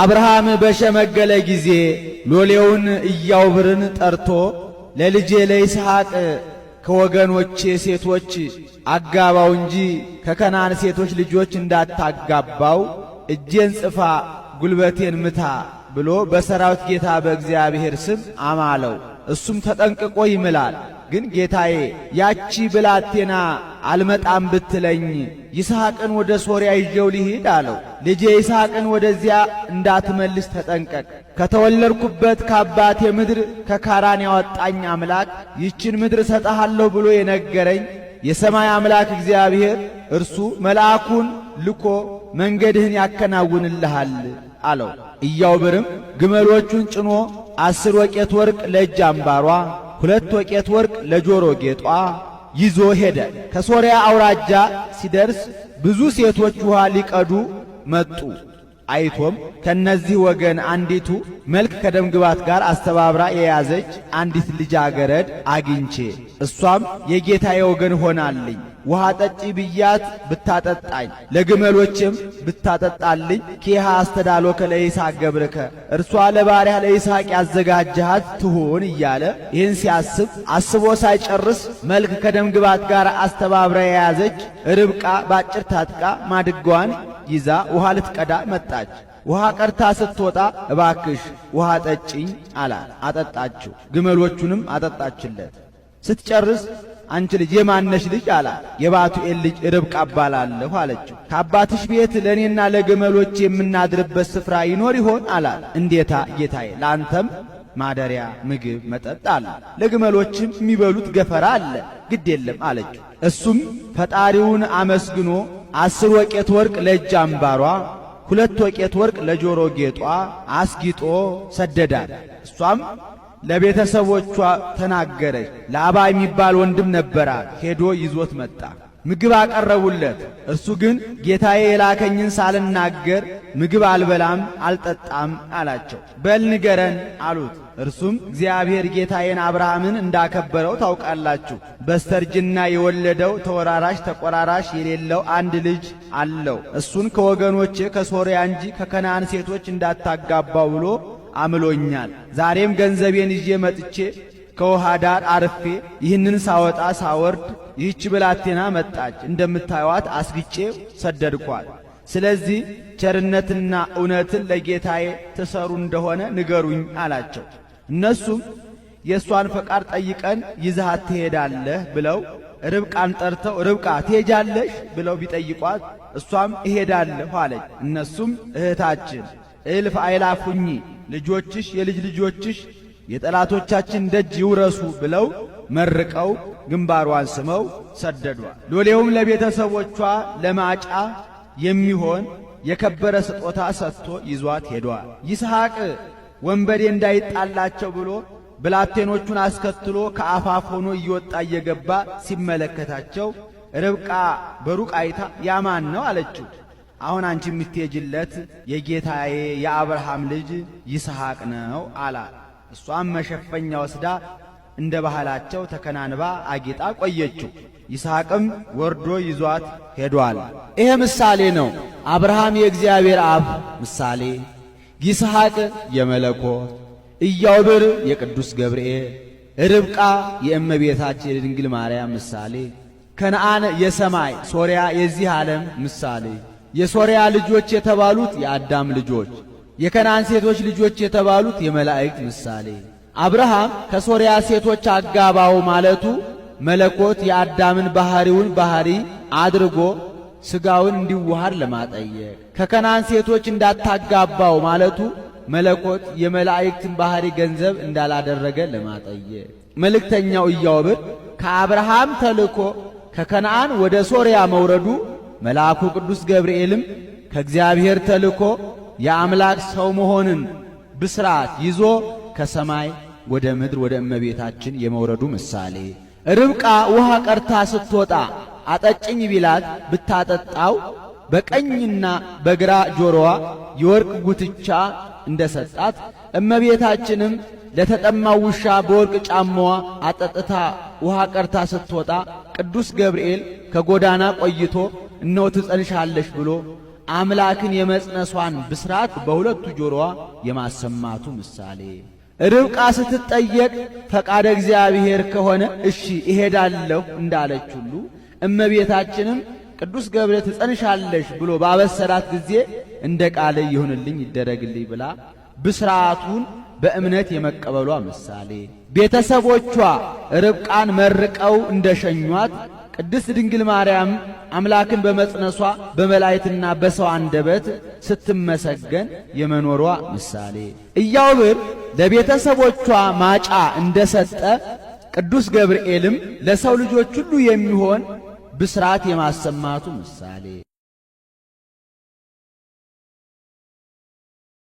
አብርሃም በሸመገለ ጊዜ ሎሌውን እያውብርን ጠርቶ ለልጄ ለይስሐቅ ከወገኖቼ ሴቶች አጋባው እንጂ ከከናን ሴቶች ልጆች እንዳታጋባው እጄን ጽፋ ጉልበቴን ምታ ብሎ በሰራዊት ጌታ በእግዚአብሔር ስም አማለው። እሱም ተጠንቅቆ ይምላል። ግን ጌታዬ ያቺ ብላቴና አልመጣም ብትለኝ ይስሐቅን ወደ ሶርያ ይዤው ልሂድ አለው። ልጄ ይስሐቅን ወደዚያ እንዳትመልስ ተጠንቀቅ። ከተወለድኩበት ከአባቴ ምድር ከካራን ያወጣኝ አምላክ ይችን ምድር እሰጠሃለሁ ብሎ የነገረኝ የሰማይ አምላክ እግዚአብሔር እርሱ መልአኩን ልኮ መንገድህን ያከናውንልሃል አለው። እያውብርም ግመሎቹን ጭኖ አስር ወቄት ወርቅ ለእጅ አምባሯ ሁለት ወቄት ወርቅ ለጆሮ ጌጧ ይዞ ሄደ። ከሶርያ አውራጃ ሲደርስ ብዙ ሴቶች ውሃ ሊቀዱ መጡ። አይቶም ከነዚህ ወገን አንዲቱ መልክ ከደም ግባት ጋር አስተባብራ የያዘች አንዲት ልጃገረድ አግኝቼ እሷም የጌታዬ ወገን ሆናልኝ ውሃ ጠጪ ብያት ብታጠጣኝ ለግመሎችም ብታጠጣልኝ ኪሃ አስተዳሎከ ለይስሐቅ ገብርከ እርሷ ለባሪያ ለይስሐቅ ያዘጋጀሃት ትሁን እያለ ይህን ሲያስብ አስቦ ሳይጨርስ መልክ ከደም ግባት ጋር አስተባብራ የያዘች ርብቃ ባጭር ታጥቃ ማድጓን ይዛ ውሃ ልትቀዳ መጣች። ውሃ ቀድታ ስትወጣ እባክሽ ውሃ ጠጪኝ አላት። አጠጣችው፣ ግመሎቹንም አጠጣችለት። ስትጨርስ አንቺ ልጅ የማነሽ ልጅ አላት። የባቱኤል ልጅ ርብቃ እባላለሁ አለችው። ከአባትሽ ቤት ለእኔና ለግመሎች የምናድርበት ስፍራ ይኖር ይሆን አላት። እንዴታ ጌታዬ፣ ለአንተም ማደሪያ፣ ምግብ፣ መጠጥ አለ፣ ለግመሎችም የሚበሉት ገፈራ አለ፣ ግድ የለም አለችው። እሱም ፈጣሪውን አመስግኖ አስር ወቄት ወርቅ ለእጅ አምባሯ ሁለት ወቄት ወርቅ ለጆሮ ጌጧ አስጊጦ ሰደዳት። እሷም ለቤተሰቦቿ ተናገረች። ለአባ የሚባል ወንድም ነበራት፣ ሄዶ ይዞት መጣ። ምግብ አቀረቡለት። እርሱ ግን ጌታዬ የላከኝን ሳልናገር ምግብ አልበላም አልጠጣም አላቸው። በል ንገረን አሉት። እርሱም እግዚአብሔር ጌታዬን አብርሃምን እንዳከበረው ታውቃላችሁ። በስተርጅና የወለደው ተወራራሽ ተቆራራሽ የሌለው አንድ ልጅ አለው። እሱን ከወገኖቼ ከሶርያ እንጂ ከከነአን ሴቶች እንዳታጋባው ብሎ አምሎኛል። ዛሬም ገንዘቤን ይዤ መጥቼ ከውሃ ዳር አርፌ ይህንን ሳወጣ ሳወርድ ይህች ብላቴና መጣች፣ እንደምታዩዋት አስግጬ ሰደድኳል። ስለዚህ ቸርነትና እውነትን ለጌታዬ ትሰሩ እንደሆነ ንገሩኝ አላቸው። እነሱም የእሷን ፈቃድ ጠይቀን ይዛሃት ትሄዳለህ ብለው ርብቃን ጠርተው ርብቃ ትሄጃለሽ ብለው ቢጠይቋት እሷም እሄዳለሁ አለች። እነሱም እህታችን እልፍ አይላፍ ልጆችሽ የልጅ ልጆችሽ የጠላቶቻችን ደጅ ይውረሱ ብለው መርቀው ግንባሯን ስመው ሰደዷል። ሎሌውም ለቤተሰቦቿ ለማጫ የሚሆን የከበረ ስጦታ ሰጥቶ ይዟት ሄዷል። ይስሐቅ ወንበዴ እንዳይጣላቸው ብሎ ብላቴኖቹን አስከትሎ ከአፋፍ ሆኖ እየወጣ እየገባ ሲመለከታቸው ርብቃ በሩቅ አይታ ያማን ነው አለችው። አሁን አንቺ የምትሄጅለት የጌታዬ የአብርሃም ልጅ ይስሐቅ ነው አላት። እሷም መሸፈኛ ወስዳ እንደ ባህላቸው ተከናንባ አጊጣ ቆየችው። ይስሐቅም ወርዶ ይዟት ሄዷል። ይሄ ምሳሌ ነው። አብርሃም የእግዚአብሔር አብ ምሳሌ፣ ይስሐቅ የመለኮት እያውብር የቅዱስ ገብርኤል፣ ርብቃ የእመቤታችን የድንግል ማርያም ምሳሌ፣ ከነአን የሰማይ ሶርያ የዚህ ዓለም ምሳሌ፣ የሶርያ ልጆች የተባሉት የአዳም ልጆች የከናን ሴቶች ልጆች የተባሉት የመላእክት ምሳሌ። አብርሃም ከሶርያ ሴቶች አጋባው ማለቱ መለኮት የአዳምን ባህሪውን ባህሪ አድርጎ ስጋውን እንዲዋሃድ ለማጠየቅ፣ ከከናን ሴቶች እንዳታጋባው ማለቱ መለኮት የመላእክትን ባህሪ ገንዘብ እንዳላደረገ ለማጠየቅ፣ መልእክተኛው ኢያዕብር ከአብርሃም ተልኮ ከከነዓን ወደ ሶርያ መውረዱ መልአኩ ቅዱስ ገብርኤልም ከእግዚአብሔር ተልኮ የአምላክ ሰው መሆንን ብስራት ይዞ ከሰማይ ወደ ምድር ወደ እመቤታችን የመውረዱ ምሳሌ ርብቃ ውሃ ቀርታ ስትወጣ አጠጭኝ ቢላት ብታጠጣው በቀኝና በግራ ጆሮዋ የወርቅ ጉትቻ እንደሰጣት እመቤታችንም ለተጠማው ውሻ በወርቅ ጫማዋ አጠጥታ ውሃ ቀርታ ስትወጣ ቅዱስ ገብርኤል ከጎዳና ቆይቶ እነሆ ትጸንሻለሽ ብሎ አምላክን የመጽነሷን ብስራት በሁለቱ ጆሮዋ የማሰማቱ ምሳሌ ርብቃ ስትጠየቅ ፈቃደ እግዚአብሔር ከሆነ እሺ እሄዳለሁ እንዳለች ሁሉ እመቤታችንም ቅዱስ ገብረ ትጸንሻለሽ ብሎ ባበሰራት ጊዜ እንደ ቃለ ይሁንልኝ ይደረግልኝ ብላ ብስራቱን በእምነት የመቀበሏ ምሳሌ ቤተሰቦቿ ርብቃን መርቀው እንደ ሸኟት ቅድስት ድንግል ማርያም አምላክን በመጽነሷ በመላእክትና በሰው አንደበት ስትመሰገን የመኖሯ ምሳሌ እያውብር ለቤተሰቦቿ ማጫ እንደሰጠ ቅዱስ ገብርኤልም ለሰው ልጆች ሁሉ የሚሆን ብስራት የማሰማቱ ምሳሌ